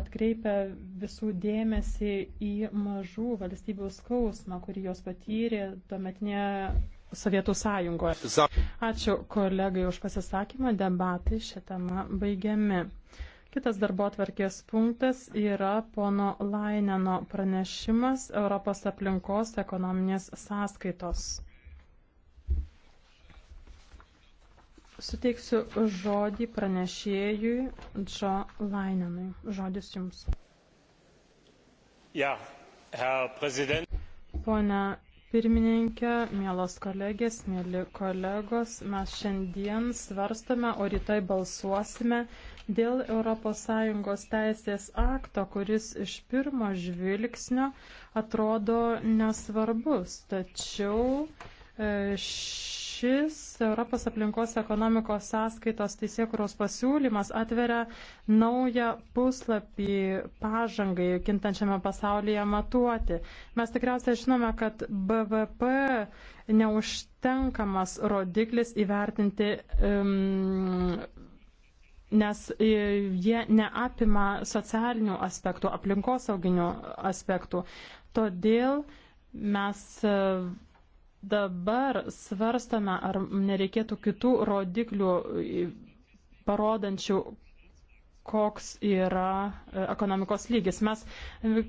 atkreipia visų dėmesį į mažų valstybių skausmą, kurį jos patyrė tuometinėje Sovietų sąjungoje. Ačiū kolegai už pasisakymą, debatai šią temą baigiami. Kitas darbo atvarkės punktas yra pono Laineno pranešimas Europos aplinkos ekonominės sąskaitos. Suteiksiu žodį pranešėjui Džo Lainenui. Žodis jums. Ja, herr Präsident. Pone pirmininkė, mielos kolegės, mėly kolegos, mes šiandien svarstame, o rytoj balsuosime dėl ES teisės akto, kuris iš pirmo žvilgsnio atrodo nesvarbus. Tačiau e, šis Europos aplinkos ekonomikos sąskaitos teisėkuros pasiūlymas atveria naują puslapį pažangai kintančiame pasaulyje matuoti. Mes tikriausiai žinome, kad BVP neužtenkamas rodiklis įvertinti. Um, nes jie neapima socialinių aspektų, aplinkosauginių aspektų. Todėl mes dabar svarstame, ar nereikėtų kitų rodiklių parodančių, koks yra e, ekonomikos lygis. Mes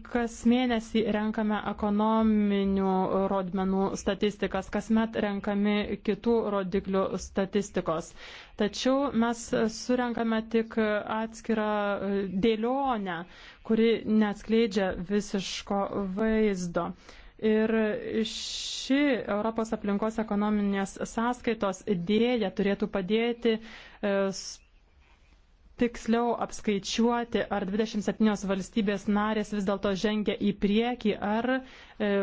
kas mėnesį renkame ekonominių rodmenų statistikas, kasmet renkami kitų rodiklių statistikos. Tačiau mes surenkame tik atskirą e, dėlionę, kuri neatskleidžia visiško vaizdo. Ir ši Europos aplinkos ekonominės sąskaitos idėja turėtų padėti e, tiksliau apskaičiuoti, ar 27 valstybės narės vis dėlto žengia į priekį, ar e,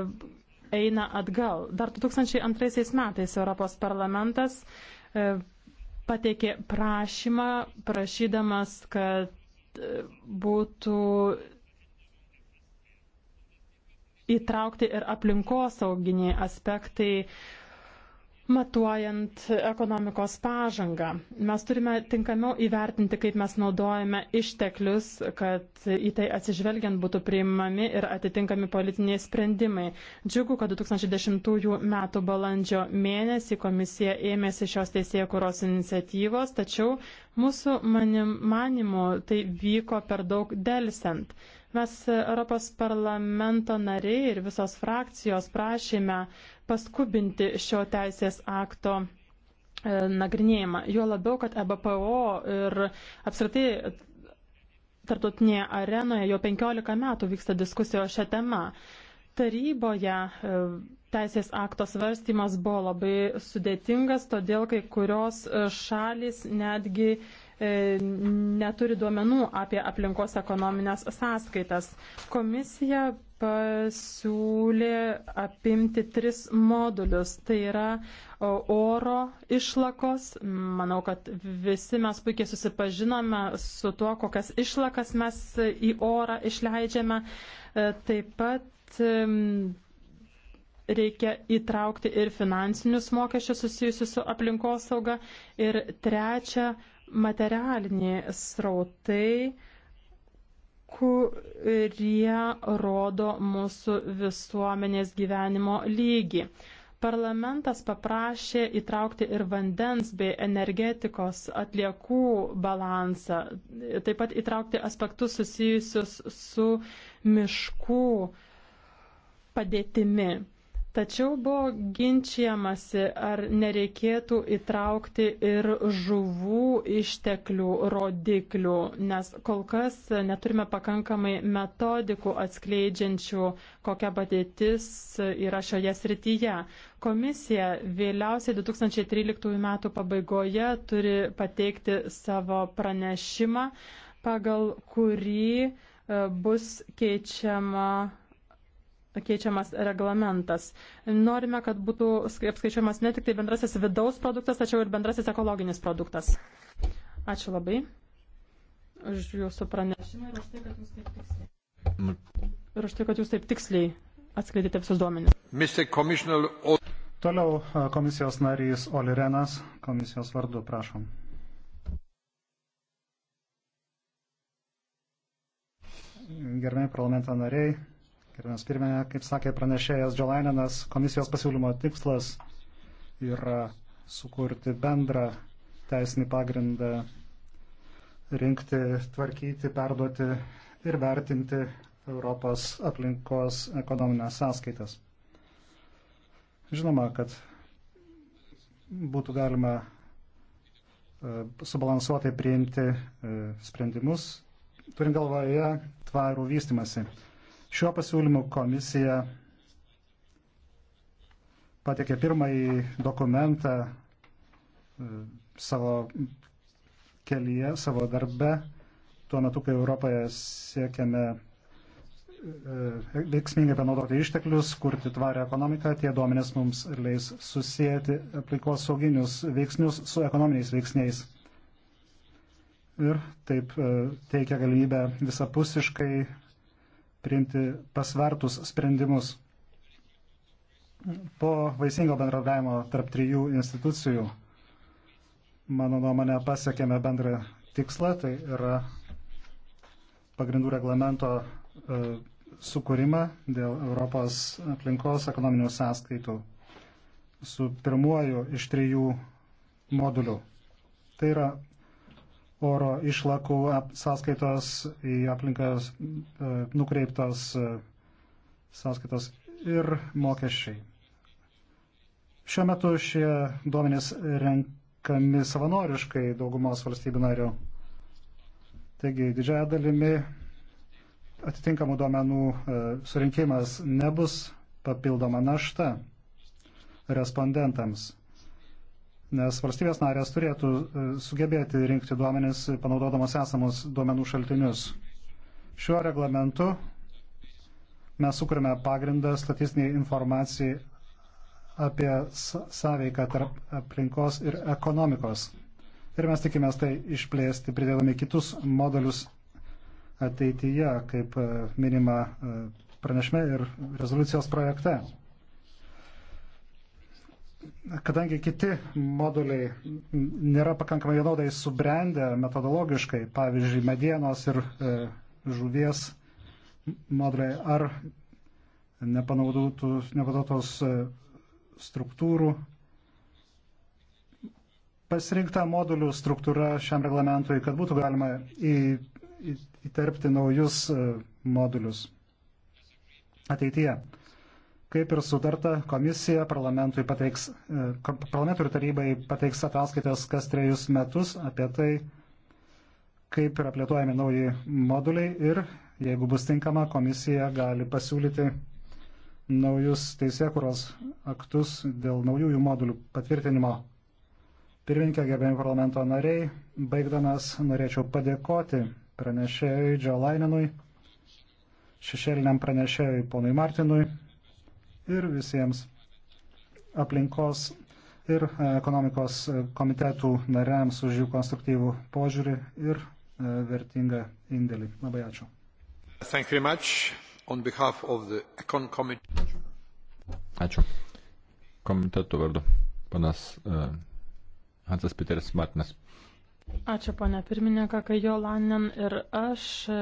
eina atgal. Dar 2002 metais Europos parlamentas e, pateikė prašymą, prašydamas, kad e, būtų įtraukti ir aplinkosauginiai aspektai, matuojant ekonomikos pažangą. Mes turime tinkamiau įvertinti, kaip mes naudojame išteklius, kad į tai atsižvelgiant būtų priimami ir atitinkami politiniai sprendimai. Džiugu, kad 2010 m. balandžio mėnesį komisija ėmėsi šios teisėjų kuros iniciatyvos, tačiau mūsų manimu tai vyko per daug delsent. Mes e, Europos parlamento nariai ir visos frakcijos prašėme paskubinti šio teisės akto e, nagrinėjimą. Juo labiau, kad EBPO ir apskritai tarptautinėje arenoje jau 15 metų vyksta diskusijos šią temą. Taryboje e, teisės akto svarstymas buvo labai sudėtingas, todėl kai kurios šalis netgi E, neturi duomenų apie aplinkos ekonominės sąskaitas. Komisija pasiūlė apimti tris modulius. Tai yra oro išlakos. Manau, kad visi mes puikiai susipažinome su tuo, kokias išlakas mes į orą išleidžiame. E, taip pat reikia įtraukti ir finansinius mokesčius susijusius su aplinkosauga. Ir trečia, materialiniai srautai, kurie rodo mūsų visuomenės gyvenimo lygį. Parlamentas paprašė įtraukti ir vandens bei energetikos atliekų balansą, taip pat įtraukti aspektus susijusius su miškų padėtimi. Tačiau buvo ginčiamasi, ar nereikėtų įtraukti ir žuvų išteklių rodiklių, nes kol kas neturime pakankamai metodikų atskleidžiančių, kokia padėtis yra šioje srityje. Komisija vėliausiai 2013 m. pabaigoje turi pateikti savo pranešimą, pagal kurį e, bus keičiama keičiamas reglamentas. Norime, kad būtų apskaičiuojamas ne tik tai bendrasis vidaus produktas, tačiau ir bendrasis ekologinis produktas. Ačiū labai už jūsų pranešimą ir už tai, kad jūs taip tiksliai. Ir už tai, kad jūs taip tiksliai atskleidėte visus duomenis. Toliau komisijos narys Olirenas, komisijos vardu, prašom. Gerbėjai parlamento nariai, Gerbiamas pirmininkė, kaip sakė pranešėjas Džolaininas, komisijos pasiūlymo tikslas yra sukurti bendrą teisinį pagrindą rinkti, tvarkyti, perduoti ir vertinti Europos aplinkos ekonominės sąskaitas. Žinoma, kad būtų galima e, subalansuotai priimti e, sprendimus, turint galvoje tvarų vystimasi. Šiuo pasiūlymu komisija patikė pirmąjį dokumentą e, savo kelyje, savo darbe, tuo metu, kai Europoje siekiame e, e, veiksmingai panaudoti išteklius, kurti tvarią ekonomiką, tie duomenės mums leis susijęti aplinkos sauginius veiksnius su ekonominiais veiksniais. Ir taip teikia galimybę visapusiškai priimti pasvertus sprendimus. Po vaisingo bendradavimo tarp trijų institucijų, mano nuomonė, pasiekėme bendrą tikslą, tai yra pagrindų reglamento e, sukūrimą dėl Europos aplinkos ekonominių sąskaitų su pirmuoju iš trijų modulių. Tai yra oro išlakų sąskaitos į aplinkas e, nukreiptos e, sąskaitos ir mokesčiai. Šiuo metu šie duomenys renkami savanoriškai daugumos valstybių narių. Taigi didžiaja dalimi atitinkamų duomenų e, surinkimas nebus papildoma našta respondentams nes valstybės narės turėtų e, sugebėti rinkti duomenis panaudodamas esamus duomenų šaltinius. Šiuo reglamentu mes sukūrėme pagrindą statistiniai informacijai apie sąveiką tarp aplinkos ir ekonomikos. Ir mes tikimės tai išplėsti, pridėdami kitus modelius ateityje, kaip e, minima e, pranešme ir rezoliucijos projekte kadangi kiti moduliai nėra pakankamai vienodai subrendę metodologiškai, pavyzdžiui, medienos ir e, žuvies moduliai, ar nepanaudotos e, struktūrų. Pasirinkta modulių struktūra šiam reglamentui, kad būtų galima į, į, įterpti naujus e, modulius ateityje. Kaip ir sutarta, komisija parlamentui, pateiks, e, parlamentui ir tarybai pateiks ataskaitas kas trejus metus apie tai, kaip yra plėtojami nauji moduliai ir, jeigu bus tinkama, komisija gali pasiūlyti naujus teisėkuros aktus dėl naujųjų modulių patvirtinimo. Pirmininkė, gerbėjami parlamento nariai, baigdamas norėčiau padėkoti pranešėjui Džio Laininui, šešėliniam pranešėjui ponui Martinui, ir visiems aplinkos ir e, ekonomikos e, komitetų nariams už jų konstruktyvų požiūrį ir e, vertingą indėlį. Labai ačiū. Ačiū. Komitetų vardu. Panas uh, Hansas Piteris Martinas. Ačiū, ponė pirmininkė, kai jo Lanin ir aš e,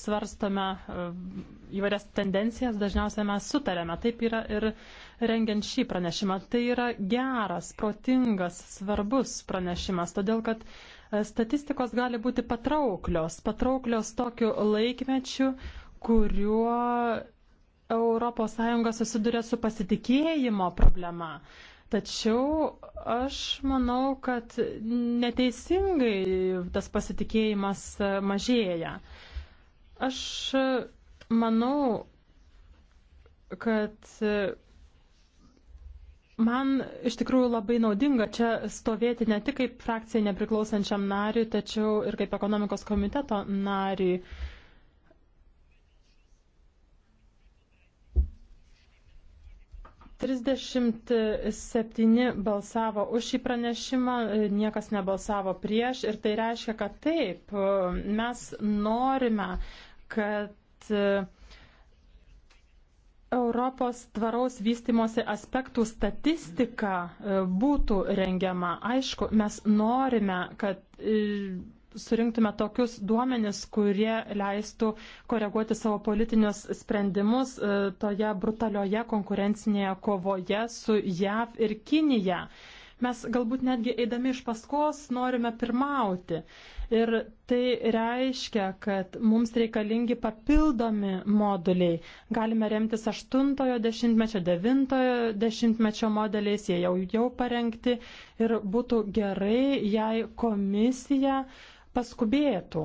svarstome e, įvairias tendencijas, dažniausiai mes sutarėme. Taip yra ir rengiant šį pranešimą. Tai yra geras, protingas, svarbus pranešimas, todėl kad e, statistikos gali būti patrauklios, patrauklios tokiu laikmečiu, kuriuo ES susiduria su pasitikėjimo problema. Tačiau aš manau, kad neteisingai tas pasitikėjimas mažėja. Aš manau, kad man iš tikrųjų labai naudinga čia stovėti ne tik kaip frakcijai nepriklausančiam nariui, tačiau ir kaip ekonomikos komiteto nariui. 37 balsavo už šį pranešimą, niekas nebalsavo prieš ir tai reiškia, kad taip, mes norime, kad Europos tvaraus vystimosi aspektų statistika e, būtų rengiama. Aišku, mes norime, kad e, surinktume tokius duomenis, kurie leistų koreguoti savo politinius sprendimus e, toje brutalioje konkurencinėje kovoje su JAV ir Kinija. Mes galbūt netgi eidami iš paskos norime pirmauti. Ir tai reiškia, kad mums reikalingi papildomi moduliai. Galime remtis 8-ojo dešimtmečio, 9-ojo dešimtmečio modeliais, jie jau, jau parengti. Ir būtų gerai, jei komisija uh, paskubėtų.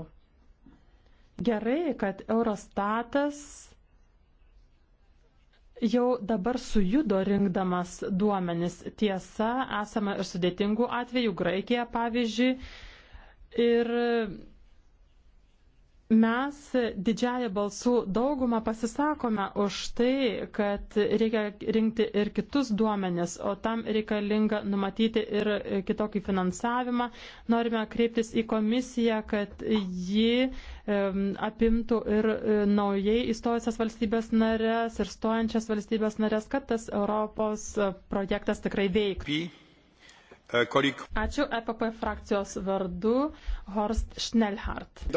Gerai, kad Eurostatas jau dabar sujudo rinkdamas duomenis. Tiesa, esame ir sudėtingų atvejų, Graikija pavyzdžiui. Ir Mes didžiąją balsų daugumą pasisakome už tai, kad reikia rinkti ir kitus duomenis, o tam reikalinga numatyti ir kitokį finansavimą. Norime kreiptis į komisiją, kad ji apimtų ir e, naujai įstojusias valstybės narės ir stojančias valstybės narės, kad tas Europos e, projektas tikrai veiktų. E, Ačiū EPP frakcijos vardu Horst Schnellhardt.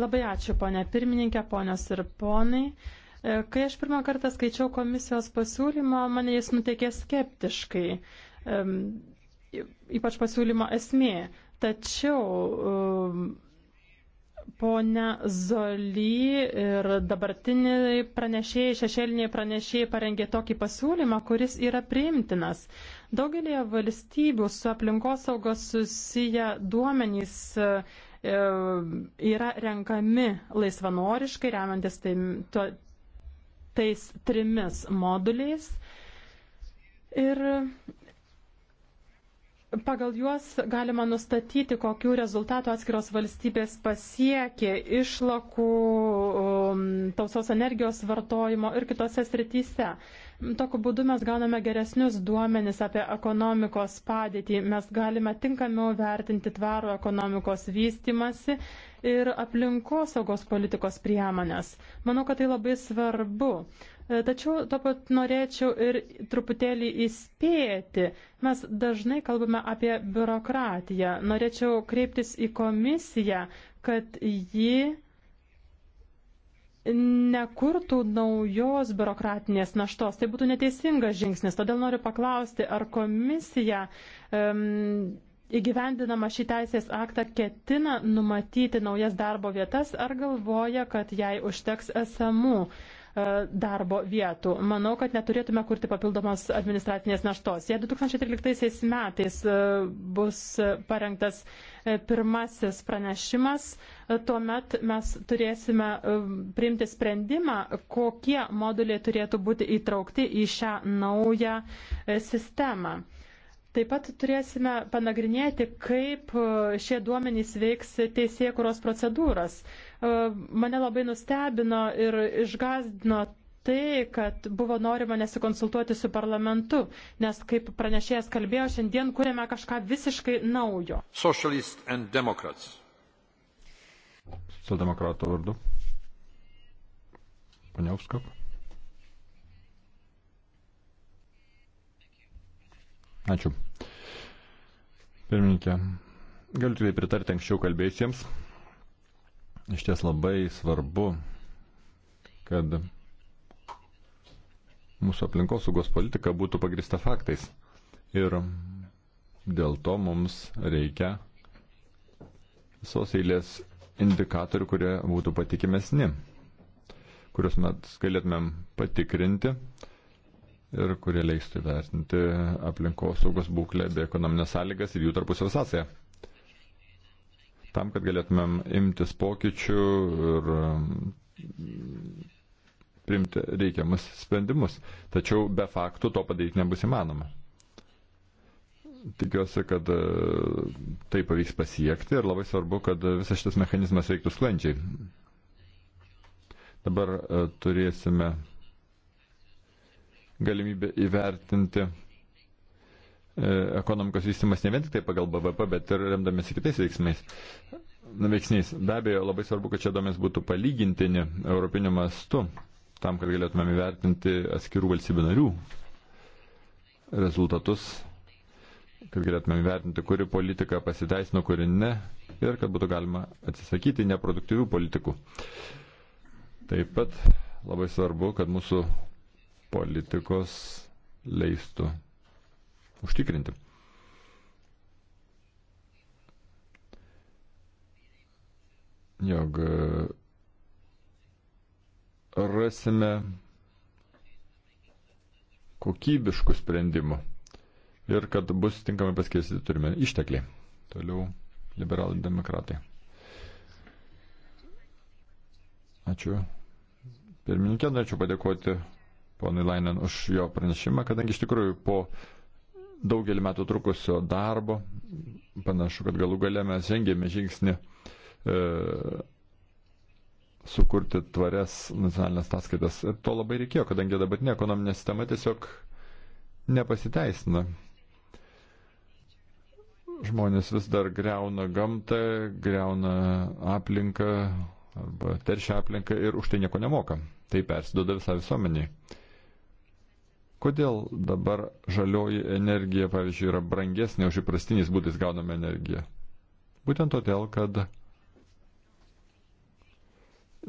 Labai ačiū, ponė pirmininkė, ponios ir ponai. E, kai aš pirmą kartą skaičiau komisijos pasiūlymą, mane jis nutekė skeptiškai, ypač pasiūlymo esmė. Tačiau um, ponia Zoly ir dabartiniai pranešėjai, šešėliniai pranešėjai parengė tokį pasiūlymą, kuris yra priimtinas. Daugelėje valstybių su aplinkosaugos susiję duomenys E, yra renkami laisvanoriškai, remiantis tai, to, tais trimis moduliais. Ir Pagal juos galima nustatyti, kokiu rezultatu atskiros valstybės pasiekė išlakų, um, tausos energijos vartojimo ir kitose srityse. Tokiu būdu mes gauname geresnius duomenis apie ekonomikos padėtį. Mes galime tinkamiau vertinti tvarų ekonomikos vystimasi ir aplinkosaugos politikos priemonės. Manau, kad tai labai svarbu. E, tačiau to pat norėčiau ir truputėlį įspėti. Mes dažnai kalbame apie biurokratiją. Norėčiau kreiptis į komisiją, kad ji nekurtų naujos biurokratinės naštos. Tai būtų neteisingas žingsnis. Todėl noriu paklausti, ar komisija um, įgyvendinama šį teisės aktą ketina numatyti naujas darbo vietas, ar galvoja, kad jai užteks esamų E, darbo vietų. Manau, kad neturėtume kurti papildomos administratinės naštos. Jei 2013 metais e, bus parengtas e, pirmasis pranešimas, tuomet mes turėsime priimti sprendimą, kokie moduliai turėtų būti įtraukti į šią naują sistemą. Taip pat turėsime panagrinėti, kaip šie duomenys veiks teisėkuros procedūras. E, mane labai nustebino ir išgazdino tai, kad buvo norima nesikonsultuoti su parlamentu, nes, kaip pranešėjas kalbėjo, šiandien kūrėme kažką visiškai naujo. Socialist and Democrats. Socialdemokratų vardu. Paniauskap. Ačiū. Pirmininkė, galiu tikrai pritarti anksčiau kalbėjusiems iš ties labai svarbu, kad mūsų aplinkosaugos politika būtų pagrista faktais. Ir dėl to mums reikia visos eilės indikatorių, kurie būtų patikimesni, kuriuos mes galėtumėm patikrinti ir kurie leistų vertinti aplinkosaugos būklę bei ekonominės sąlygas ir jų tarpusio sąsąją tam, kad galėtumėm imtis pokyčių ir mm, priimti reikiamus sprendimus. Tačiau be faktų to padaryti nebus įmanoma. Tikiuosi, kad e, tai pavyks pasiekti ir labai svarbu, kad visas šitas mechanizmas veiktų sklandžiai. Dabar e, turėsime galimybę įvertinti E, ekonomikos vystimas ne vien tik tai pagal BVP, bet ir remdamėsi kitais veiksmais. Veiksniais. Be abejo, labai svarbu, kad čia duomenys būtų palygintini europiniu mastu, tam, kad galėtumėm įvertinti atskirų valstybių narių rezultatus, kad galėtumėm įvertinti, kuri politika pasiteisino, kuri ne, ir kad būtų galima atsisakyti neproduktyvių politikų. Taip pat labai svarbu, kad mūsų politikos leistų užtikrinti. Jog e, rasime kokybiškų sprendimų ir kad bus tinkamai paskirstyti turime ištekliai. Toliau liberalai demokratai. Ačiū. Pirmininkė, norėčiau padėkoti ponui Lainen už jo pranešimą, kadangi iš tikrųjų po daugelį metų trukusio darbo. Panašu, kad galų gale mes žengėme žingsnį e, sukurti tvarias nacionalinės taskaitas. Ir to labai reikėjo, kadangi dabartinė ekonominė sistema tiesiog nepasiteisina. Žmonės vis dar greuna gamtą, greuna aplinką arba teršia aplinką ir už tai nieko nemoka. Tai persidoda visą visuomenį. Kodėl dabar žalioji energija, pavyzdžiui, yra brangesnė už įprastiniais būdais gaunamą energiją? Būtent todėl, kad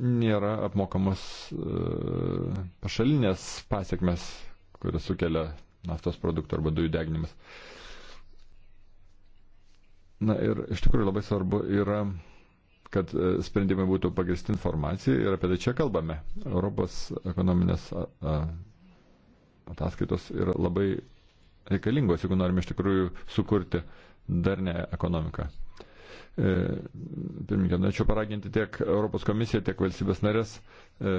nėra apmokamos e, pašalinės pasiekmes, kurias sukelia naftos produktų arba dujų deginimas. Na ir iš tikrųjų labai svarbu yra, kad e, sprendimai būtų pagristi informacija ir apie tai čia kalbame. Europos ekonominės ataskaitos yra labai reikalingos, jeigu norime iš tikrųjų sukurti darnę ekonomiką. E, Pirmininkė, norėčiau paraginti tiek Europos komisiją, tiek valstybės narės e,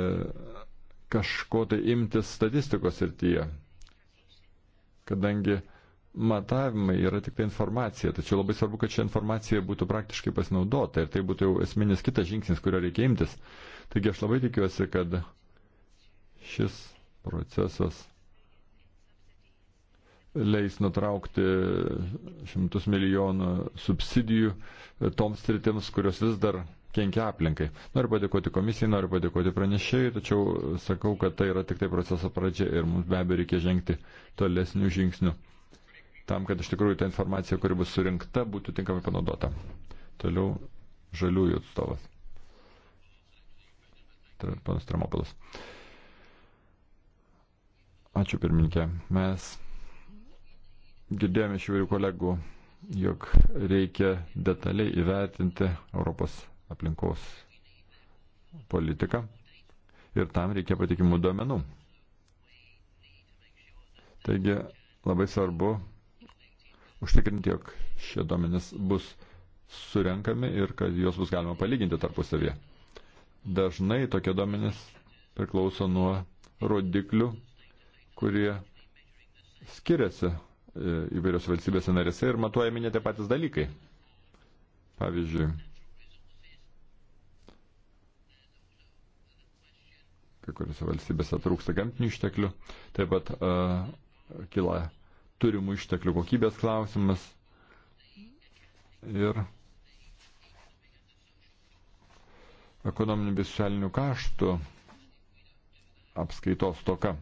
kažko tai imtis statistikos srityje, kadangi matavimai yra tik tai informacija, tačiau labai svarbu, kad ši informacija būtų praktiškai pasinaudota ir tai būtų jau esminis kitas žingsnis, kurio reikia imtis. Taigi aš labai tikiuosi, kad šis procesas leis nutraukti šimtus milijonų subsidijų toms sritėms, kurios vis dar kenkia aplinkai. Noriu padėkoti komisijai, noriu padėkoti pranešėjai, tačiau sakau, kad tai yra tik tai proceso pradžia ir mums be abejo reikia žengti tolesnių žingsnių tam, kad iš tikrųjų ta informacija, kuri bus surinkta, būtų tinkamai panaudota. Toliau žaliųjų atstovas. Tai Panas Tramopolas. Ačiū pirmininkė. Mes Girdėjome iš įvairių kolegų, jog reikia detaliai įvertinti Europos aplinkos politiką ir tam reikia patikimų duomenų. Taigi labai svarbu užtikrinti, jog šie duomenys bus surenkami ir kad juos bus galima palyginti tarpusavėje. Dažnai tokie duomenys priklauso nuo rodiklių, kurie skiriasi E, įvairios valstybėse narėse ir matuojami net tie patys dalykai. Pavyzdžiui, kai kuriuose valstybėse trūksta gamtinių išteklių, taip pat uh, kyla turimų išteklių kokybės klausimas ir ekonominių bei socialinių kaštų apskaitos toka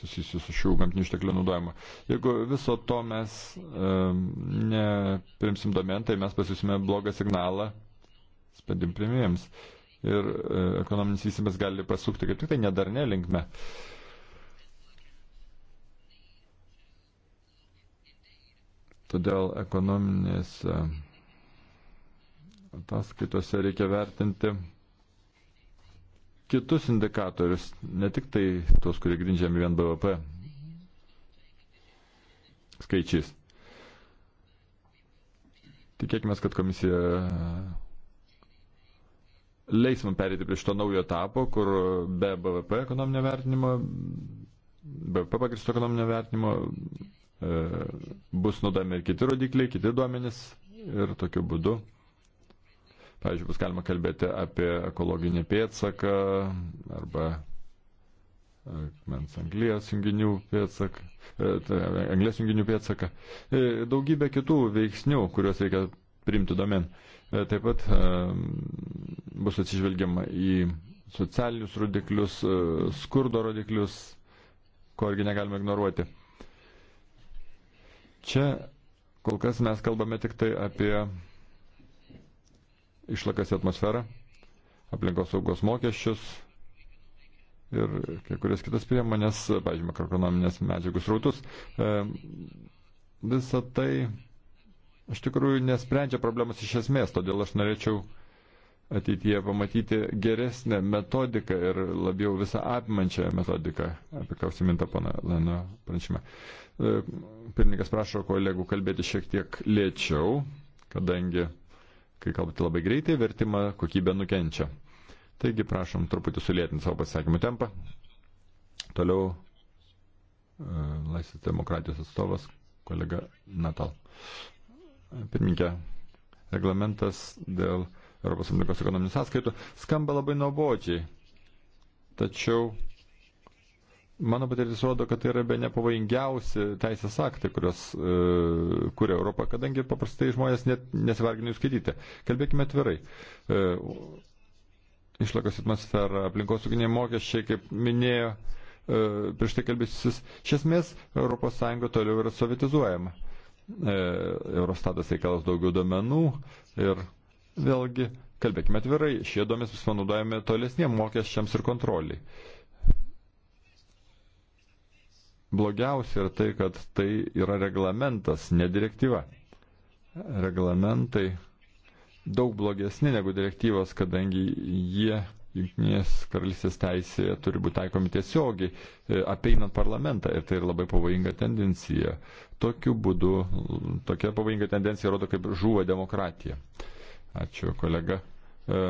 susijusių su šių gamtinių išteklių naudojimu. Jeigu viso to mes e, neprimsim domen, tai mes pasiūsime blogą signalą sprendim primėjams. Ir e, ekonominis vystymas gali pasukti kaip tik tai nedarne linkme. Todėl ekonominės e, ataskaitose reikia vertinti kitus indikatorius, ne tik tai tos, kurie grindžiami vien BVP skaičiais. Tikėkime, kad komisija leis man perėti prie šito naujo etapo, kur be BVP ekonominio vertinimo, BVP pagristo ekonominio vertinimo e, bus naudami ir kiti rodikliai, kiti duomenys ir tokiu būdu Pavyzdžiui, bus galima kalbėti apie ekologinį pėdsaką arba e, akmens anglės junginių pėdsaką, e, tai, anglės junginių pėdsaką, e, daugybė kitų veiksnių, kuriuos reikia priimti domen. Taip pat bus atsižvelgiama į socialinius rodiklius, skurdo rodiklius, ko irgi negalime ignoruoti. Čia kol kas mes kalbame tik tai apie išlakas į atmosferą, aplinkos saugos mokesčius ir kai kurias kitas priemonės, pažiūrėjau, makroekonominės medžiagų srautus. E, visą tai iš tikrųjų nesprendžia problemas iš esmės, todėl aš norėčiau ateityje pamatyti geresnę metodiką ir labiau visą apimančią metodiką, apie ką užsiminta pana Leno pranešime. E, pirmininkas prašo kolegų kalbėti šiek tiek lėčiau, kadangi Kai kalbate labai greitai, vertimą kokybė nukenčia. Taigi prašom truputį sulėtinti savo pasisakymų tempą. Toliau e, Laisvės demokratijos atstovas kolega Natal. Pirminkė, reglamentas dėl Europos Sąjungos ekonominių sąskaitų skamba labai nuobodžiai. Tačiau Mano patirtis rodo, kad tai yra be nepavojingiausi teisės aktai, kurios e, kuria Europą, kadangi paprastai žmonės net nesivargina jų skaityti. Kalbėkime atvirai. E, išlakos atmosfera, aplinkosauginiai mokesčiai, kaip minėjo e, prieš tai kalbėsis, iš esmės ES toliau yra sovietizuojama. E, Eurostatas reikalas daugiau domenų ir vėlgi, kalbėkime atvirai, šie duomenys bus panaudojami tolesniem mokesčiams ir kontroliai. Blogiausia yra tai, kad tai yra reglamentas, ne direktyva. Reglamentai daug blogesni negu direktyvos, kadangi jie Junktinės karalystės teisėje turi būti taikomi tiesiogiai, e, apeinant parlamentą. Ir tai yra labai pavojinga tendencija. Tokiu būdu, tokia pavojinga tendencija rodo, kaip žuvo demokratija. Ačiū, kolega. E,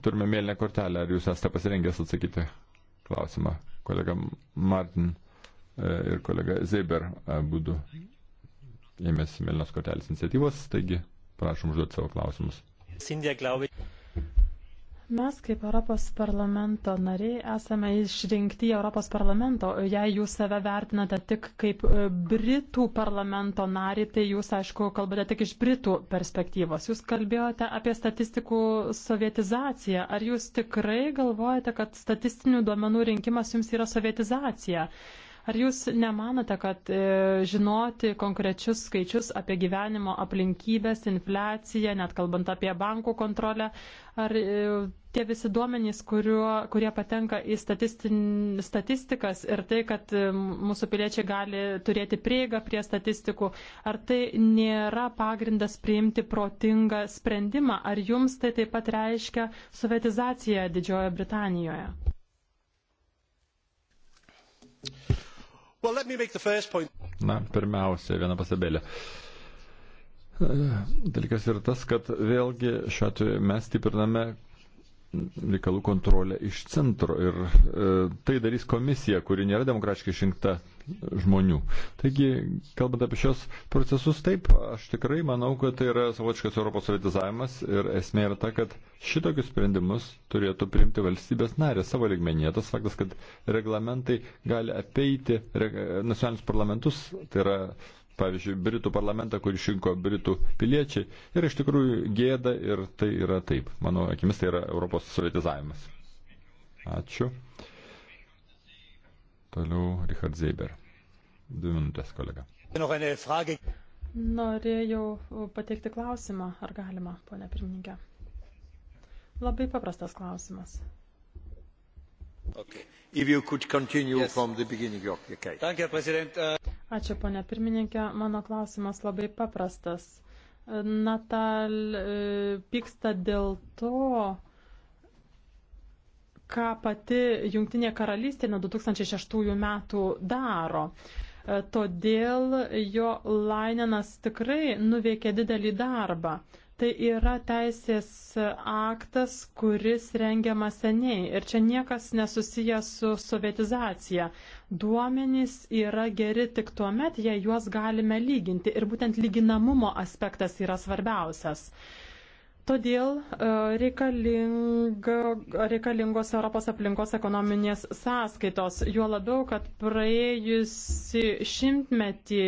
turime mėlyną kortelę. Ar jūs esate pasirengęs atsakyti klausimą, kolega Martin? E, ir kolega Zeber būdu ėmėsi Melinos kortelės iniciatyvos, taigi prašom užduoti savo klausimus. Mes kaip Europos parlamento nariai esame išrinkti Europos parlamento. Jei jūs save vertinate tik kaip e, Britų parlamento narį, tai jūs, aišku, kalbate tik iš Britų perspektyvos. Jūs kalbėjote apie statistikų sovietizaciją. Ar jūs tikrai galvojate, kad statistinių duomenų rinkimas jums yra sovietizacija? Ar jūs nemanote, kad e, žinoti konkrečius skaičius apie gyvenimo aplinkybės, infliaciją, net kalbant apie bankų kontrolę, ar e, tie visi duomenys, kuriuo, kurie patenka į statistikas ir tai, kad e, mūsų piliečiai gali turėti prieigą prie statistikų, ar tai nėra pagrindas priimti protingą sprendimą, ar jums tai taip pat reiškia sovetizacija Didžiojo Britanijoje? Well, Na, pirmiausia, viena pasabėlė. Dalykas yra tas, kad vėlgi šiuo atveju mes stipriname reikalų kontrolę iš centro. Ir e, tai darys komisija, kuri nėra demokratiškai išrinkta žmonių. Taigi, kalbant apie šios procesus, taip, aš tikrai manau, kad tai yra savotiškas Europos sovietizavimas ir esmė yra ta, kad šitokius sprendimus turėtų priimti valstybės narės savo ligmenyje. Tas faktas, kad reglamentai gali apeiti re, nacionalinius parlamentus, tai yra pavyzdžiui, Britų parlamentą, kur išrinko Britų piliečiai. Ir iš tikrųjų gėda ir tai yra taip. Mano akimis tai yra Europos sovietizavimas. Ačiū. Toliau Richard Zeiber. Dvi minutės, kolega. Norėjau pateikti klausimą, ar galima, ponia pirmininkė. Labai paprastas klausimas. Okay. Yes. Danke, Herr Präsident. Uh, Ačiū, ponė pirmininkė. Mano klausimas labai paprastas. Natal e, pyksta dėl to, ką pati Jungtinė karalystė nuo 2006 metų daro. E, todėl jo Lainenas tikrai nuveikė didelį darbą. Tai yra teisės aktas, kuris rengiama seniai ir čia niekas nesusijęs su sovietizacija. Duomenys yra geri tik tuo met, jei juos galime lyginti ir būtent lyginamumo aspektas yra svarbiausias. Todėl e, reikalinga, reikalingos Europos aplinkos ekonominės sąskaitos, juo labiau, kad praėjusi šimtmetį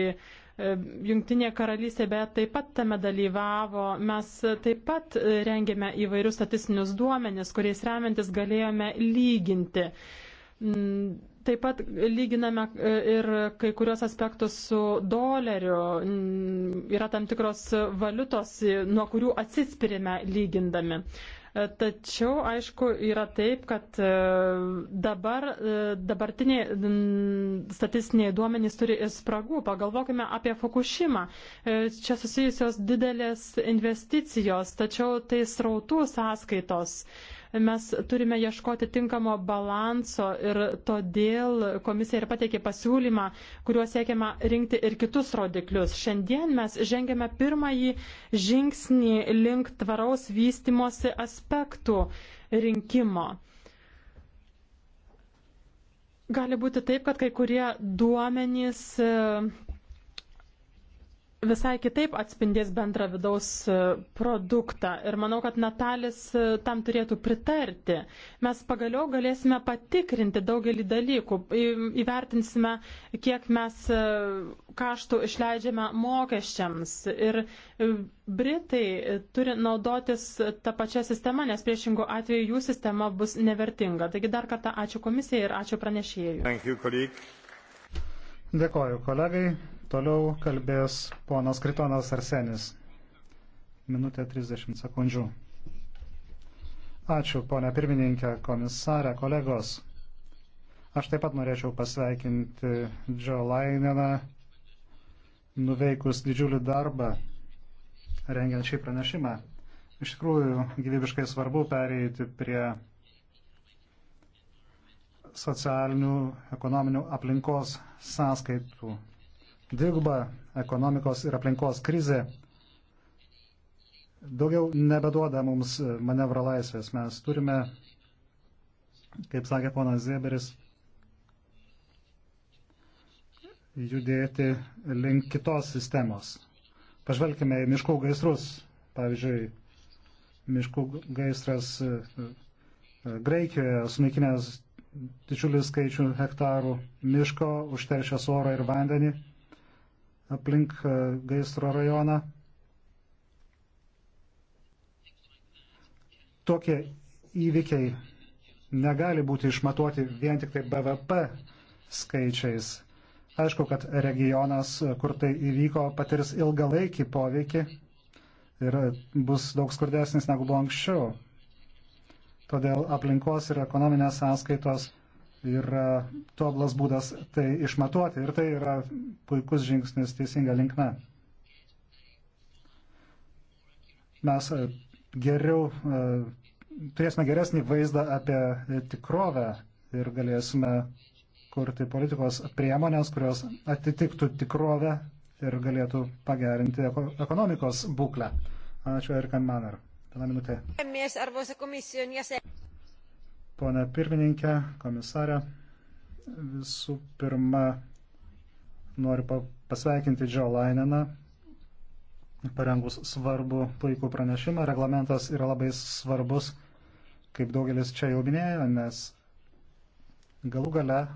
Jungtinė karalystė bet taip pat tame dalyvavo. Mes taip pat rengėme įvairius statistinius duomenis, kuriais remiantis galėjome lyginti. Taip pat lyginame e, ir kai kurios aspektus su doleriu. Yra tam tikros valiutos, nuo kurių atsispirime lygindami. E, tačiau, aišku, yra taip, kad e, dabar, e, dabartiniai statistiniai duomenys turi ir spragų. Pagalvokime apie Fukushimą. Čia susijusios didelės investicijos, tačiau tai srautų sąskaitos. Mes turime ieškoti tinkamo balanso ir todėl komisija ir pateikė pasiūlymą, kuriuo siekiama rinkti ir kitus rodiklius. Šiandien mes žengėme pirmąjį žingsnį link tvaraus vystimosi aspektų rinkimo. Gali būti taip, kad kai kurie duomenys visai kitaip atspindės bendrą vidaus e, produktą. Ir manau, kad Natalis e, tam turėtų pritarti. Mes pagaliau galėsime patikrinti daugelį dalykų, įvertinsime, kiek mes e, kaštų išleidžiame mokesčiams. Ir Britai turi naudotis tą pačią sistemą, nes priešingų atveju jų sistema bus nevertinga. Taigi dar kartą ačiū komisijai ir ačiū pranešėjui. Dėkoju kolegai. Toliau kalbės ponas Kritonas Arsenis. Minutė 30 sekundžių. Ačiū, ponia pirmininkė, komisarė, kolegos. Aš taip pat norėčiau pasveikinti Džo Laineną, nuveikus didžiulį darbą, rengiant šį pranešimą. Iš tikrųjų, gyvybiškai svarbu pereiti prie socialinių, ekonominių aplinkos sąskaitų Dviguba ekonomikos ir aplinkos krizė daugiau nebeduoda mums e, manevro laisvės. Mes turime, kaip sakė ponas Zieberis, judėti link kitos sistemos. Pažvelkime į miškų gaisrus. Pavyzdžiui, miškų gaisras e, e, Graikijoje sunaikinęs didžiulį skaičių hektarų miško, užteršęs orą ir vandenį aplink e, gaisro rajoną. Tokie įvykiai negali būti išmatuoti vien tik tai BVP skaičiais. Aišku, kad regionas, kur tai įvyko, patirs ilgalaikį poveikį ir bus daug skurdesnis negu buvo anksčiau. Todėl aplinkos ir ekonominės sąskaitos yra tobulas būdas tai išmatuoti ir tai yra puikus žingsnis teisinga linkme. Mes e, geriau, e, turėsime geresnį vaizdą apie tikrovę ir galėsime kurti politikos priemonės, kurios atitiktų tikrovę ir galėtų pagerinti ekonomikos būklę. Ačiū Erkan Manar. Vieną minutę. Pone pirmininkė, komisarė, visų pirma, noriu pasveikinti Džio Laineną, parengus svarbu puikų pranešimą. Reglamentas yra labai svarbus, kaip daugelis čia jau minėjo, nes galų gale e,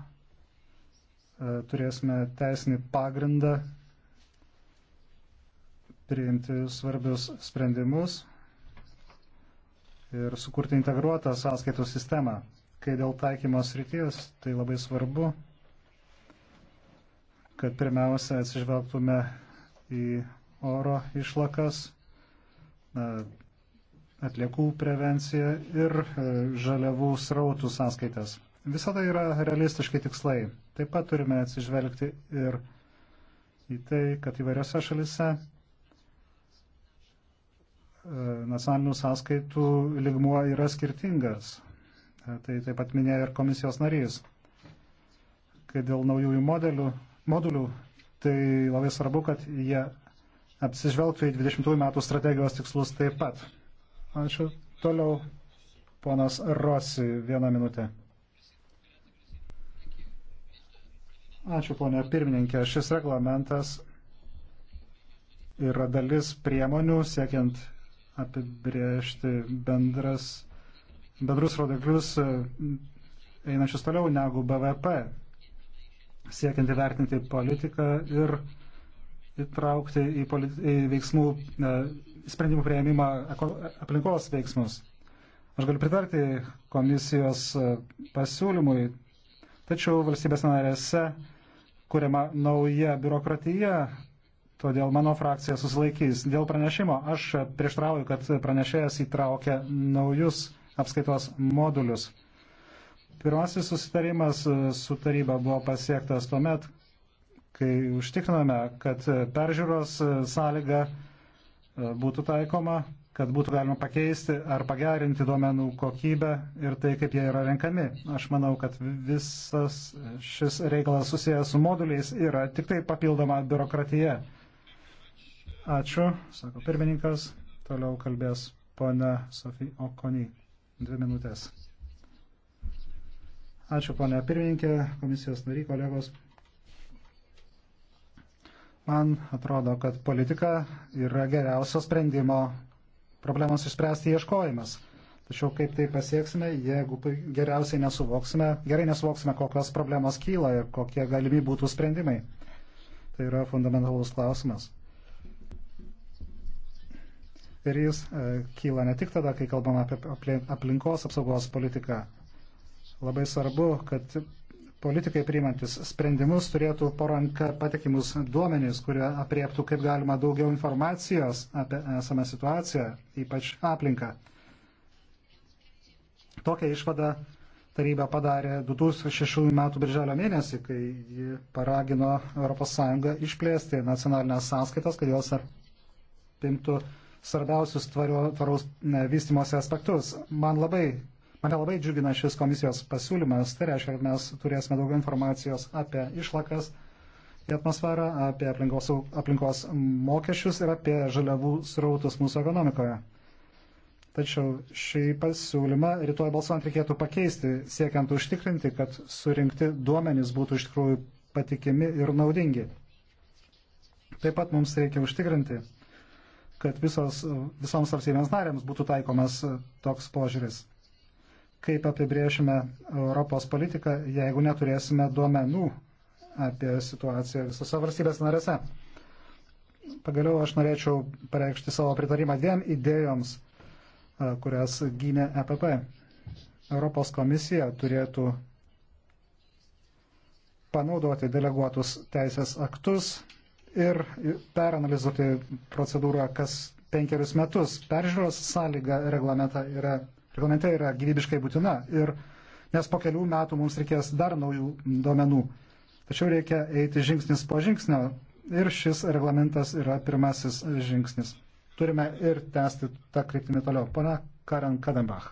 turėsime teisinį pagrindą priimti svarbius sprendimus ir sukurti integruotą sąskaitų sistemą. Kai dėl taikymos ryties, tai labai svarbu, kad pirmiausia atsižvelgtume į oro išlakas, atliekų prevenciją ir e, žaliavų srautų sąskaitas. Visą tai yra realistiški tikslai. Taip pat turime atsižvelgti ir į tai, kad įvairiose šalise E, nacionalinių sąskaitų ligmuo yra skirtingas. E, tai taip pat minėjo ir komisijos narys. Kai dėl naujųjų modelių, modulių, tai labai svarbu, kad jie apsižvelgtų į 20 metų strategijos tikslus taip pat. Ačiū. Toliau ponas Rosi, vieną minutę. Ačiū, ponė pirmininkė. Šis reglamentas yra dalis priemonių siekiant apibriežti bendras, bendrus rodiklius e, einačius toliau negu BVP, siekiant įvertinti politiką ir įtraukti į, politi, į veiksmų, e, sprendimų prieimimą aplinkos veiksmus. Aš galiu pritarti komisijos e, pasiūlymui, tačiau valstybės narėse kuriama nauja biurokratija, Todėl mano frakcija susilaikys. Dėl pranešimo aš prieštrauju, kad pranešėjas įtraukia naujus apskaitos modulius. Pirmasis susitarimas e, su taryba buvo pasiektas tuomet, kai užtikriname, kad peržiūros e, sąlyga e, būtų taikoma, kad būtų galima pakeisti ar pagerinti duomenų kokybę ir tai, kaip jie yra renkami. Aš manau, kad visas šis reikalas susijęs su moduliais yra tik tai papildoma biurokratija. Ačiū, sako pirmininkas. Toliau kalbės ponia Sofija Okony. Dvi minutės. Ačiū, ponia pirmininkė, komisijos nariai, kolegos. Man atrodo, kad politika yra geriausio sprendimo problemos išspręsti ieškojimas. Tačiau kaip tai pasieksime, jeigu geriausiai nesuvoksime, gerai nesuvoksime, kokios problemos kyla ir kokie galimi būtų sprendimai. Tai yra fundamentalus klausimas ir jis e, kyla ne tik tada, kai kalbam apie aplinkos apsaugos politiką. Labai svarbu, kad politikai priimantis sprendimus turėtų poranka patikimus duomenys, kurie apriektų kaip galima daugiau informacijos apie esamą situaciją, ypač aplinką. Tokią išvadą taryba padarė 2006 m. birželio mėnesį, kai ji paragino ES išplėsti nacionalinės sąskaitas, kad jos apimtų svarbiausius tvario, tvaraus vystimosi aspektus. Man labai, mane labai džiugina šis komisijos pasiūlymas. Tai reiškia, kad mes turėsime daugiau informacijos apie išlakas į atmosferą, apie aplinkos, aplinkos mokesčius ir apie žaliavų srautus mūsų ekonomikoje. Tačiau šį pasiūlymą rytoj balsuojant reikėtų pakeisti, siekiant užtikrinti, kad surinkti duomenys būtų iš tikrųjų patikimi ir naudingi. Taip pat mums reikia užtikrinti, kad visos, visoms valstybėms narėms būtų taikomas toks požiūris. Kaip apibriešime Europos politiką, jeigu neturėsime duomenų apie situaciją visose valstybės narėse. Pagaliau aš norėčiau pareikšti savo pritarimą dviem idėjoms, e, kurias gynė EPP. Europos komisija turėtų panaudoti deleguotus teisės aktus ir peranalizuoti procedūrą kas penkerius metus. Peržiūros sąlyga reglamente yra, reglamente yra gyvybiškai būtina, ir, nes po kelių metų mums reikės dar naujų duomenų. Tačiau reikia eiti žingsnis po žingsnio ir šis reglamentas yra pirmasis žingsnis. Turime ir tęsti tą kryptimį toliau. Pana Karen Kadenbach.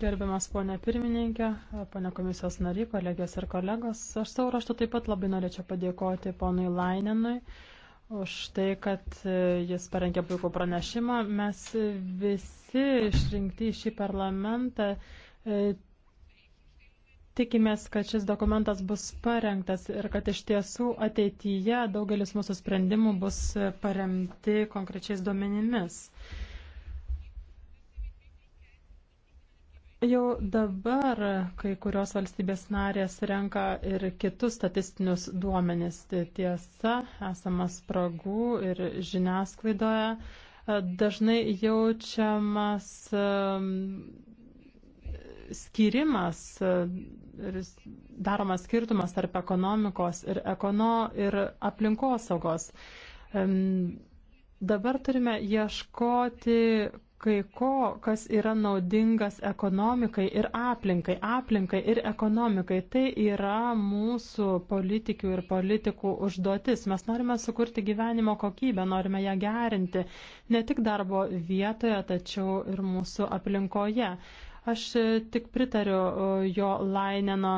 Gerbiamas ponė pirmininkė, ponė komisijos nariai, kolegijos ir kolegos, aš savo raštu taip pat labai norėčiau padėkoti ponui Laininui už tai, kad e, jis parengė puikų pranešimą. Mes visi išrinkti į šį parlamentą e, tikimės, kad šis dokumentas bus parengtas ir kad iš tiesų ateityje daugelis mūsų sprendimų bus paremti konkrečiais duomenimis. Jau dabar kai kurios valstybės narės renka ir kitus statistinius duomenis. Tai tiesa, esama spragų ir žiniasklaidoje e, dažnai jaučiamas skirimas e, ir daromas skirtumas tarp ekonomikos ir, ekono, ir aplinkosaugos. Dabar turime ieškoti kai ko, kas yra naudingas ekonomikai ir aplinkai. Aplinkai ir ekonomikai tai yra mūsų politikių ir politikų užduotis. Mes norime sukurti gyvenimo kokybę, norime ją gerinti ne tik darbo vietoje, tačiau ir mūsų aplinkoje. Aš e, tik pritariu e, jo Laineno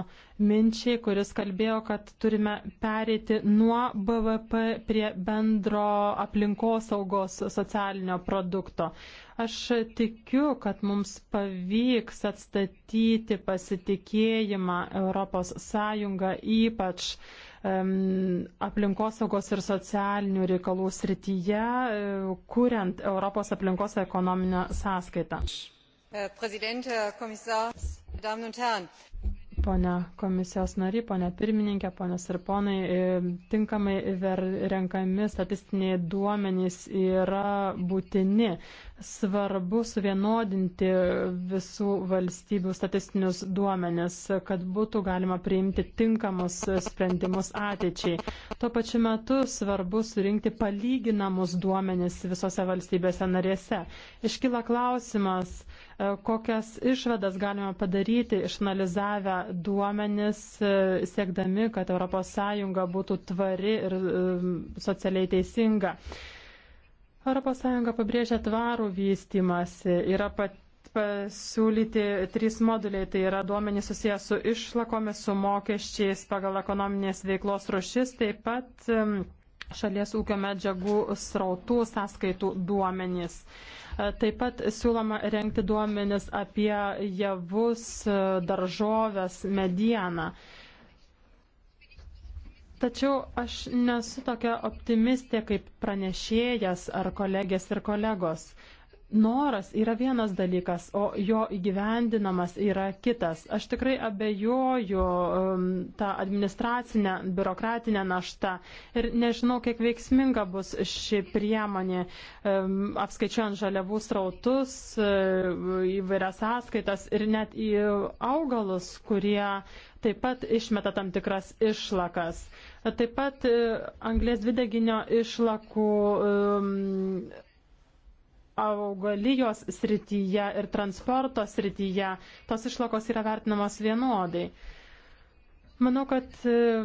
minčiai, kuris kalbėjo, kad turime pereiti nuo BVP prie bendro aplinkosaugos socialinio produkto. Aš tikiu, kad mums pavyks atstatyti pasitikėjimą ES ypač um, aplinkosaugos ir socialinių reikalų srityje, e, kuriant Europos aplinkos ekonominę sąskaitą. Präsident, Herr Kommissar, Damen und Herren. Pone komisijos nari, pone pirmininkė, ponas ir ponai, e, tinkamai renkami statistiniai duomenys yra būtini svarbu suvienodinti visų valstybių statistinius duomenis, kad būtų galima priimti tinkamus sprendimus ateičiai. Tuo pačiu metu svarbu surinkti palyginamus duomenis visose valstybėse narėse. Iškyla klausimas, e, kokias išvadas galima padaryti išanalizavę duomenis, e, siekdami, kad ES būtų tvari ir e, socialiai teisinga. ES pabrėžia tvarų vystimąsi, yra pat pasiūlyti trys moduliai, tai yra duomenys susijęs su išlakomis, su mokesčiais pagal ekonominės veiklos rušis, taip pat šalies ūkio medžiagų srautų sąskaitų duomenys. E, taip pat siūloma renkti duomenis apie javus, e, daržovės, medieną. Tačiau aš nesu tokia optimistė kaip pranešėjas ar kolegės ir kolegos. Noras yra vienas dalykas, o jo įgyvendinamas yra kitas. Aš tikrai abejoju um, tą administracinę, biurokratinę naštą ir nežinau, kiek veiksminga bus ši priemonė, um, apskaičiuojant žaliavų srautus, um, įvairias sąskaitas ir net į augalus, kurie taip pat išmeta tam tikras išlakas. Taip pat um, anglės dvideginio išlakų. Um, augalijos srityje ir transporto srityje tos išlakos yra vertinamos vienodai. Manau, kad e,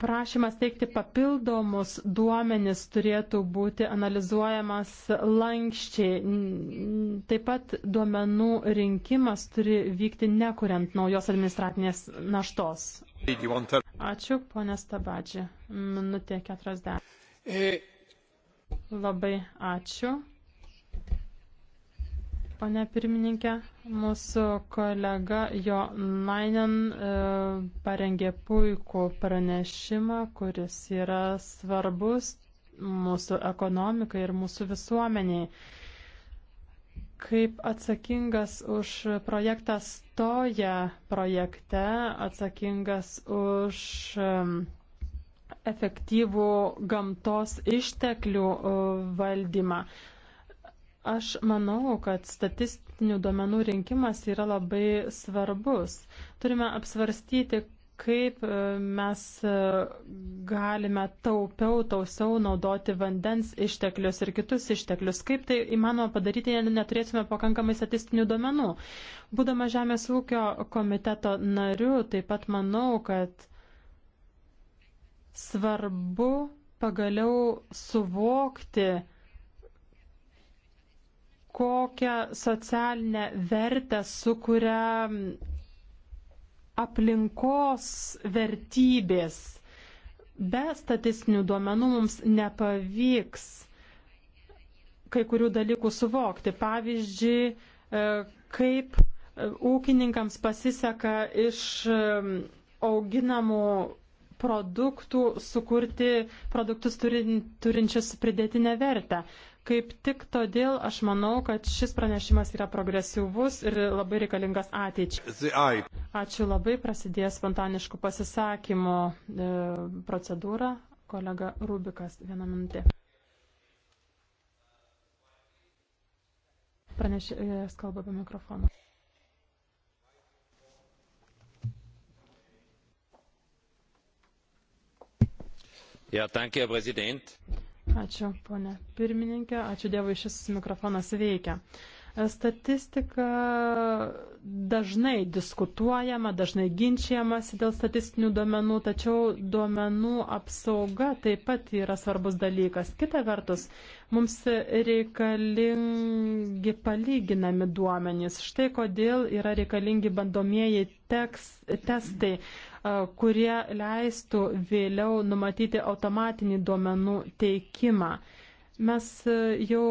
prašymas teikti papildomus duomenis turėtų būti analizuojamas lankščiai. Taip pat duomenų rinkimas turi vykti nekuriant naujos administratinės naštos. Ačiū, ponė Stabadži. Minutė 40. Labai ačiū. Pane pirmininkė, mūsų kolega Jo Nainen e, parengė puikų pranešimą, kuris yra svarbus mūsų ekonomikai ir mūsų visuomeniai. Kaip atsakingas už projektą stoja projekte, atsakingas už. E, efektyvų gamtos išteklių e, valdymą. Aš manau, kad statistinių duomenų rinkimas yra labai svarbus. Turime apsvarstyti, kaip e, mes e, galime taupiau, tausiau naudoti vandens išteklius ir kitus išteklius. Kaip tai įmanoma padaryti, jei neturėsime pakankamai statistinių duomenų. Būdama Žemės ūkio komiteto nariu, taip pat manau, kad svarbu pagaliau suvokti, kokią socialinę vertę sukuria aplinkos vertybės. Be statistinių duomenų mums nepavyks kai kurių dalykų suvokti. Pavyzdžiui, e, kaip e, ūkininkams pasiseka iš e, auginamų produktų sukurti produktus turin, turinčius pridėtinę vertę. Kaip tik todėl aš manau, kad šis pranešimas yra progresyvus ir labai reikalingas ateičiai. Ačiū labai, prasidės spontaniškų pasisakymų e, procedūra. Kolega Rubikas, vieną minutę. Pranešėjas e, kalba be mikrofono. Ja, danke, Herr Präsident. Ačiū, ponė pirmininkė. Ačiū Dievui, šis mikrofonas veikia. Statistika dažnai diskutuojama, dažnai ginčiamasi dėl statistinių duomenų, tačiau duomenų apsauga taip pat yra svarbus dalykas. Kita vertus, mums reikalingi palyginami duomenys. Štai kodėl yra reikalingi bandomieji teks, testai, kurie leistų vėliau numatyti automatinį duomenų teikimą. Mes jau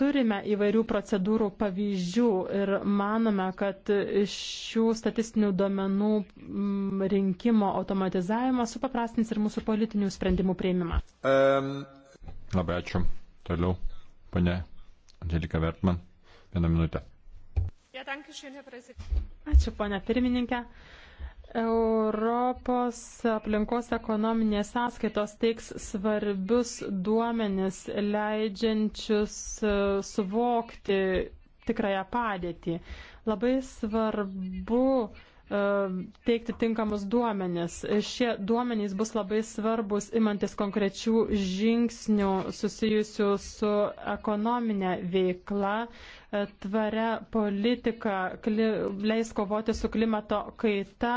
turime įvairių procedūrų pavyzdžių ir manome, kad šių statistinių duomenų rinkimo automatizavimas supaprastins ir mūsų politinių sprendimų prieimimą. Um. Labai ačiū. Toliau, ponė Angelika Vertman, vieną minutę. Ja, danke, schön, Ačiū, ponia pirmininkė. Europos aplinkos ekonominės sąskaitos teiks svarbius duomenis, leidžiančius e, suvokti tikrąją padėtį. Labai svarbu E, teikti tinkamus duomenis. Šie duomenys bus labai svarbus imantis konkrečių žingsnių susijusių su ekonominė veikla, e, tvaria politika, kli, leis kovoti su klimato kaita,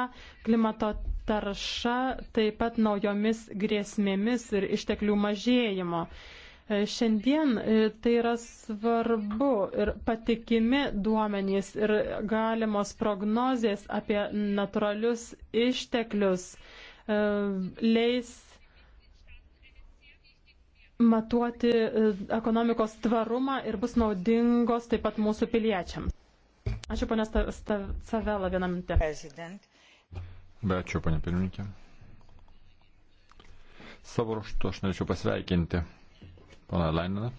klimato tarša, taip pat naujomis grėsmėmis ir išteklių mažėjimo. Uh, Šiandien e, tai yra svarbu ir patikimi duomenys ir galimos prognozės apie natūralius išteklius e, leis matuoti e, ekonomikos tvarumą ir bus naudingos taip pat mūsų piliečiams. Ačiū, ponė Savela, vieną minutę. Be ačiū, ponė pirmininkė. Savo ruoštų aš norėčiau pasveikinti pana Laininą,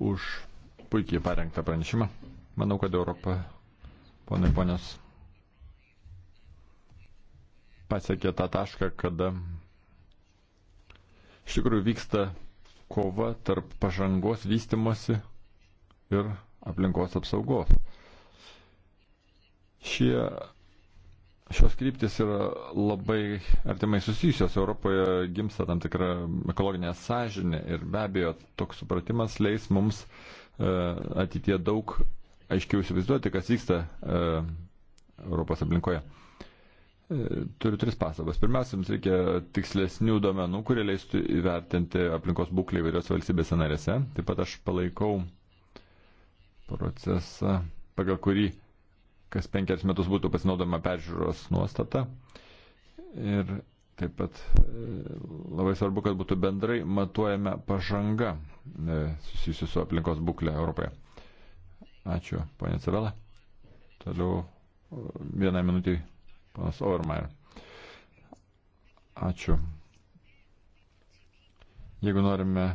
už puikiai parengtą pranešimą. Manau, kad Europa, ponai ir ponios, pasiekė tą tašką, kada iš tikrųjų vyksta kova tarp pažangos vystimosi ir aplinkos apsaugos. Šie Šios kryptis yra labai artimai susijusios. Europoje gimsta tam tikra ekologinė sąžinė ir be abejo toks supratimas leis mums e, ateitie daug aiškiau įsivaizduoti, kas vyksta e, Europos aplinkoje. E, turiu tris pastabas. Pirmiausia, jums reikia tikslesnių duomenų, kurie leistų įvertinti aplinkos būklę įvairios valstybėse narėse. Taip pat aš palaikau procesą, pagal kurį kas penkerius metus būtų pasinaudojama peržiūros nuostata. Ir taip pat e, labai svarbu, kad būtų bendrai matuojama pažanga e, susijusi su aplinkos būklė Europoje. Ačiū, ponė Civela. Toliau e, vieną minutį, panas Overmaier. Ačiū. Jeigu norime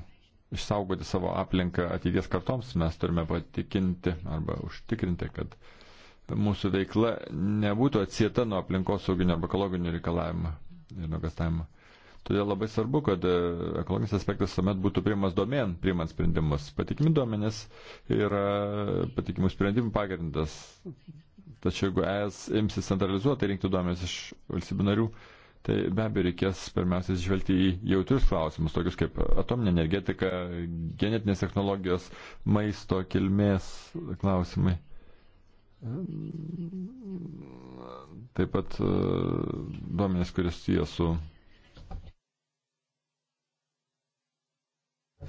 išsaugoti savo aplinką ateities kartoms, mes turime patikinti arba užtikrinti, kad uh, mūsų veikla nebūtų atsieta nuo aplinkosauginio arba ekologinio reikalavimo ir nuogastavimo. Todėl labai svarbu, kad e, ekologinis aspektas tuomet būtų priimas domen, priimant sprendimus. Patikimi duomenės yra patikimų sprendimų pagrindas. Tačiau jeigu ES imsis centralizuotai rinkti duomenės iš valstybių narių, tai be abejo reikės pirmiausia žvelgti į jautrius klausimus, tokius kaip atominė energetika, genetinės technologijos, maisto kilmės klausimai. Taip pat e, duomenys, kuris jie su,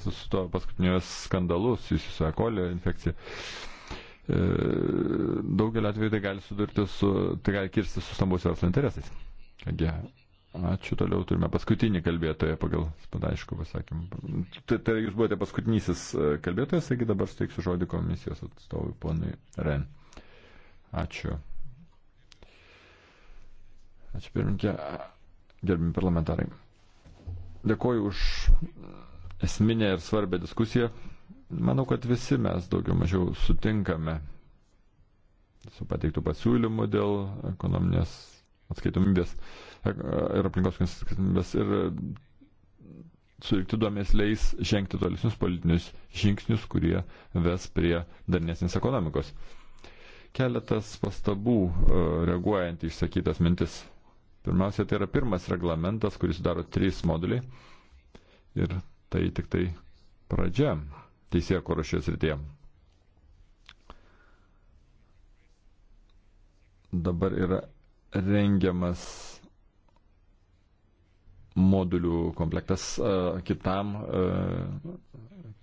su, su to paskutiniu skandalu, susijusiu su ekolio infekcija. E, Daugelį atveju tai gali sudurti su, tai gali kirsti su stambus verslo interesais. Kągi, ačiū toliau, turime paskutinį kalbėtoją pagal, aišku, pasakymą. Tai, tai jūs buvote paskutinysis e, kalbėtojas, taigi dabar steiksiu žodį komisijos atstovui ponui Ren. Ačiū. Ačiū pirmininkė, gerbimi parlamentarai. Dėkoju už esminę ir svarbę diskusiją. Manau, kad visi mes daugiau mažiau sutinkame su pateiktų pasiūlymų dėl ekonominės atskaitomybės ir aplinkos atskaitomybės ir surinkti duomenys leis žengti tolesnius politinius žingsnius, kurie ves prie darnesnės ekonomikos keletas pastabų e, reaguojant į išsakytas mintis. Pirmiausia, tai yra pirmas reglamentas, kuris daro trys moduliai. Ir tai tik tai pradžia teisėjo korašės rytėje. Dabar yra rengiamas modulių komplektas kitam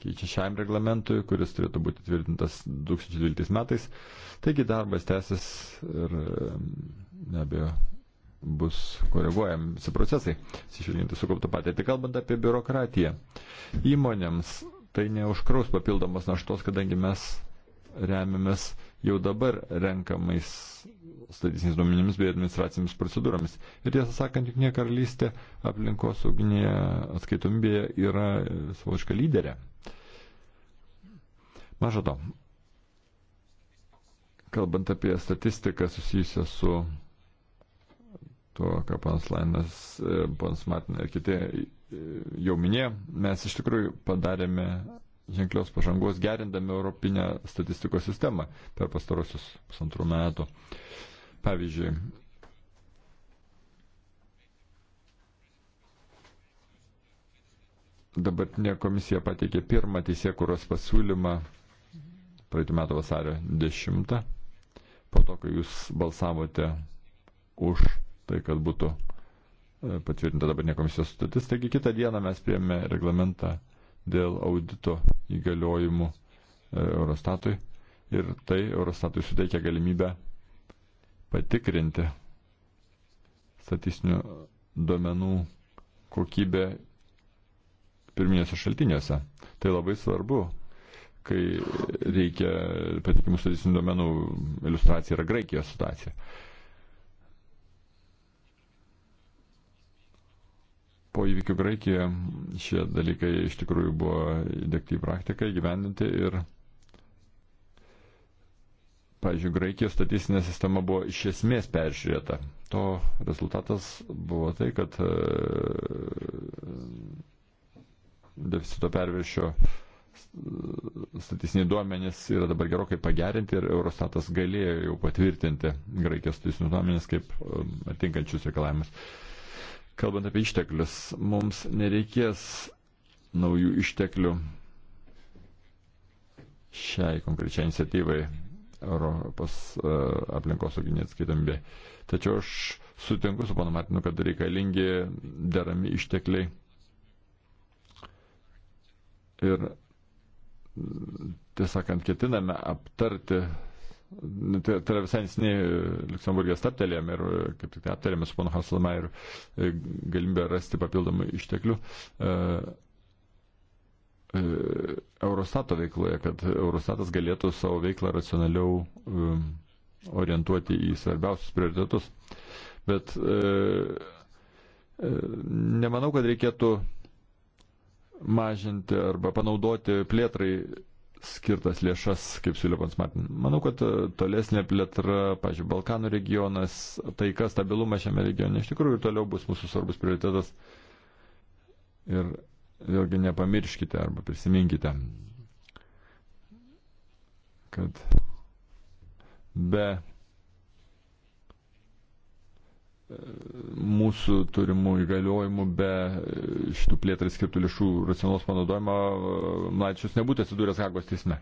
keičiašiam reglamentui, kuris turėtų būti tvirtintas 2012 metais. Taigi darbas tęsis ir be abejo bus koreguojami visi procesai, sižvelginti sukauptą patirtį. Kalbant apie biurokratiją, įmonėms tai neužkraus papildomos naštos, kadangi mes remiamės jau dabar renkamais statistiniais duomenimis bei administracinėmis procedūromis. Ir tiesą sakant, Junktinė karalystė aplinkos sauginėje atskaitomybėje yra savoška lyderė. Maža to, kalbant apie statistiką susijusią su tuo, ką panas Lainas, e, panas Martin ir kiti e, jau minėjo, mes iš tikrųjų padarėme ženklios pažangos gerindami Europinę statistikos sistemą per pastarosius pusantrų metų. Pavyzdžiui, dabartinė komisija pateikė pirmą teisėkuros pasiūlymą praeitų metų vasario 10, po to, kai jūs balsavote už tai, kad būtų e, patvirtinta dabartinė komisijos sutartis. Taigi kitą dieną mes priėmėme reglamentą dėl audito įgaliojimų e, Eurostatui ir tai Eurostatui suteikia galimybę patikrinti statistinių duomenų kokybę pirminėse šaltinėse. Tai labai svarbu, kai reikia patikimų statistinių duomenų, iliustracija yra Graikijos situacija. po įvykių Graikijoje šie dalykai iš tikrųjų buvo įdėkti į praktiką, įgyvendinti ir, pavyzdžiui, Graikijos statistinė sistema buvo iš esmės peržiūrėta. To rezultatas buvo tai, kad e, deficito perviršio statistiniai duomenys yra dabar gerokai pagerinti ir Eurostatas galėjo jau patvirtinti Graikijos statistinius duomenys kaip e, atinkančius reikalavimus. Kalbant apie išteklius, mums nereikės naujų išteklių šiai konkrečiai iniciatyvai Europos e, aplinkosauginė atskaitomybė. Tačiau aš sutinku su panu Martinu, kad reikalingi derami ištekliai. Ir tiesąkant, ketiname aptarti Tai, tai yra visai nesiniai e, Luxemburgės taptelėm ir e, kaip tik tai aptarėme su pono Haslama ir e, galimybę rasti papildomų išteklių. Eurostato veikloje, kad Eurostatas galėtų savo veiklą racionaliau orientuoti į svarbiausius prioritetus. Bet nemanau, kad reikėtų mažinti arba panaudoti plėtrai skirtas lėšas, kaip siūlė pats Martin. Manau, kad e, tolesnė plėtra, pažiūrėjau, Balkanų regionas, taika, stabilumas šiame regione iš tikrųjų toliau bus mūsų svarbus prioritetas. Ir vėlgi nepamirškite arba prisiminkite, kad be mūsų turimų įgaliojimų be e, šitų plėtrai skirtų lėšų racionalos panaudojimo e, Mladičius nebūtų atsidūręs Hagos teisme.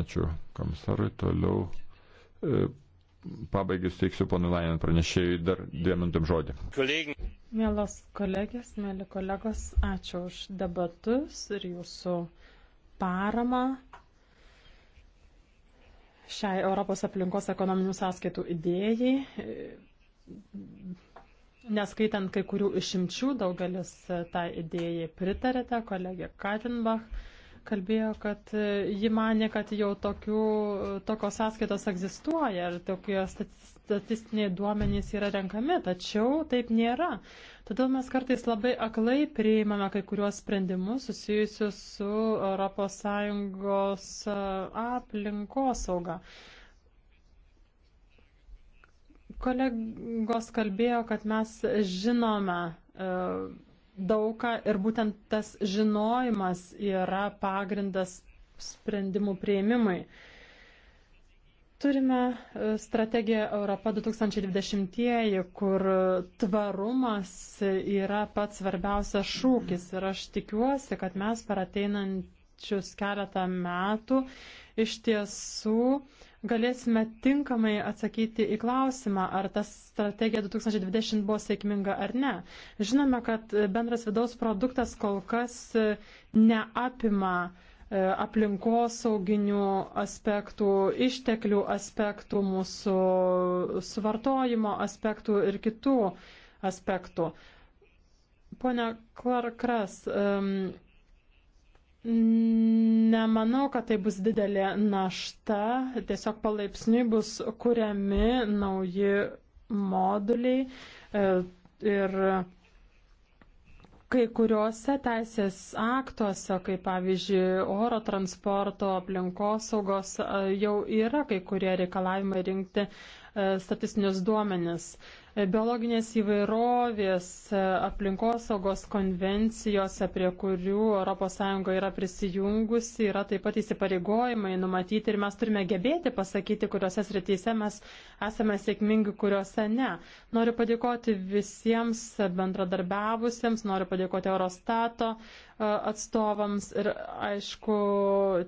Ačiū komisarui. Toliau e, pabaigai suteiksiu ponui Lainin pranešėjui dar dviem minutėm žodį. Mielos kolegės, mėly kolegos, ačiū už debatus ir jūsų paramą šiai Europos aplinkos ekonominių sąskaitų idėjai. E, neskaitant kai kurių išimčių, daugelis e, tai idėjai pritarėte, kolegė Katinbach kalbėjo, kad e, ji mane, kad jau tokių, tokios sąskaitos egzistuoja ir tokie statistiniai duomenys yra renkami, tačiau taip nėra. Todėl mes kartais labai aklai priimame kai kuriuos sprendimus susijusius su ES e, aplinkosauga. Kolegos kalbėjo, kad mes žinome e, daugą ir būtent tas žinojimas yra pagrindas sprendimų prieimimui. Turime e, strategiją Europa 2020, kur tvarumas yra pats svarbiausias šūkis ir aš tikiuosi, kad mes per ateinančius keletą metų uh, iš tiesų galėsime tinkamai atsakyti į klausimą, ar ta strategija 2020 buvo sėkminga ar ne. Žinome, kad bendras vidaus produktas kol kas e, neapima e, aplinkosauginių aspektų, išteklių aspektų, mūsų suvartojimo aspektų ir kitų aspektų. Pone Klarkras, um, Nemanau, kad tai bus didelė našta, tiesiog palaipsniui bus kuriami nauji moduliai e, ir kai kuriuose teisės aktuose, kaip pavyzdžiui oro transporto, aplinkosaugos, e, jau yra kai kurie reikalavimai rinkti e, statistinius duomenis biologinės įvairovės e, aplinkosaugos konvencijose, prie kurių ES yra prisijungusi, yra taip pat įsipareigojimai numatyti ir mes turime gebėti pasakyti, kuriuose srityse mes esame sėkmingi, kuriuose ne. Noriu padėkoti visiems bendradarbiavusiems, noriu padėkoti Eurostato e, atstovams ir aišku,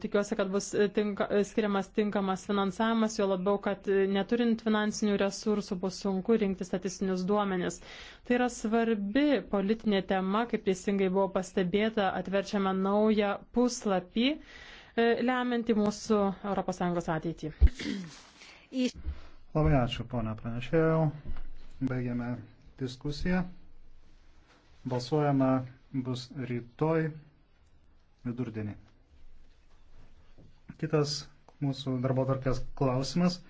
tikiuosi, kad bus tinka, skiriamas tinkamas finansavimas, jo labiau, kad neturint finansinių resursų bus sunku rinktis statistinius duomenis. Tai yra svarbi politinė tema, kaip teisingai buvo pastebėta, atverčiame naują puslapį, e, lemianti mūsų ES ateitį. Labai ačiū, ponia pranešėjau. Baigiame diskusiją. Balsuojama bus rytoj vidurdienį. Kitas mūsų darbo tarkės klausimas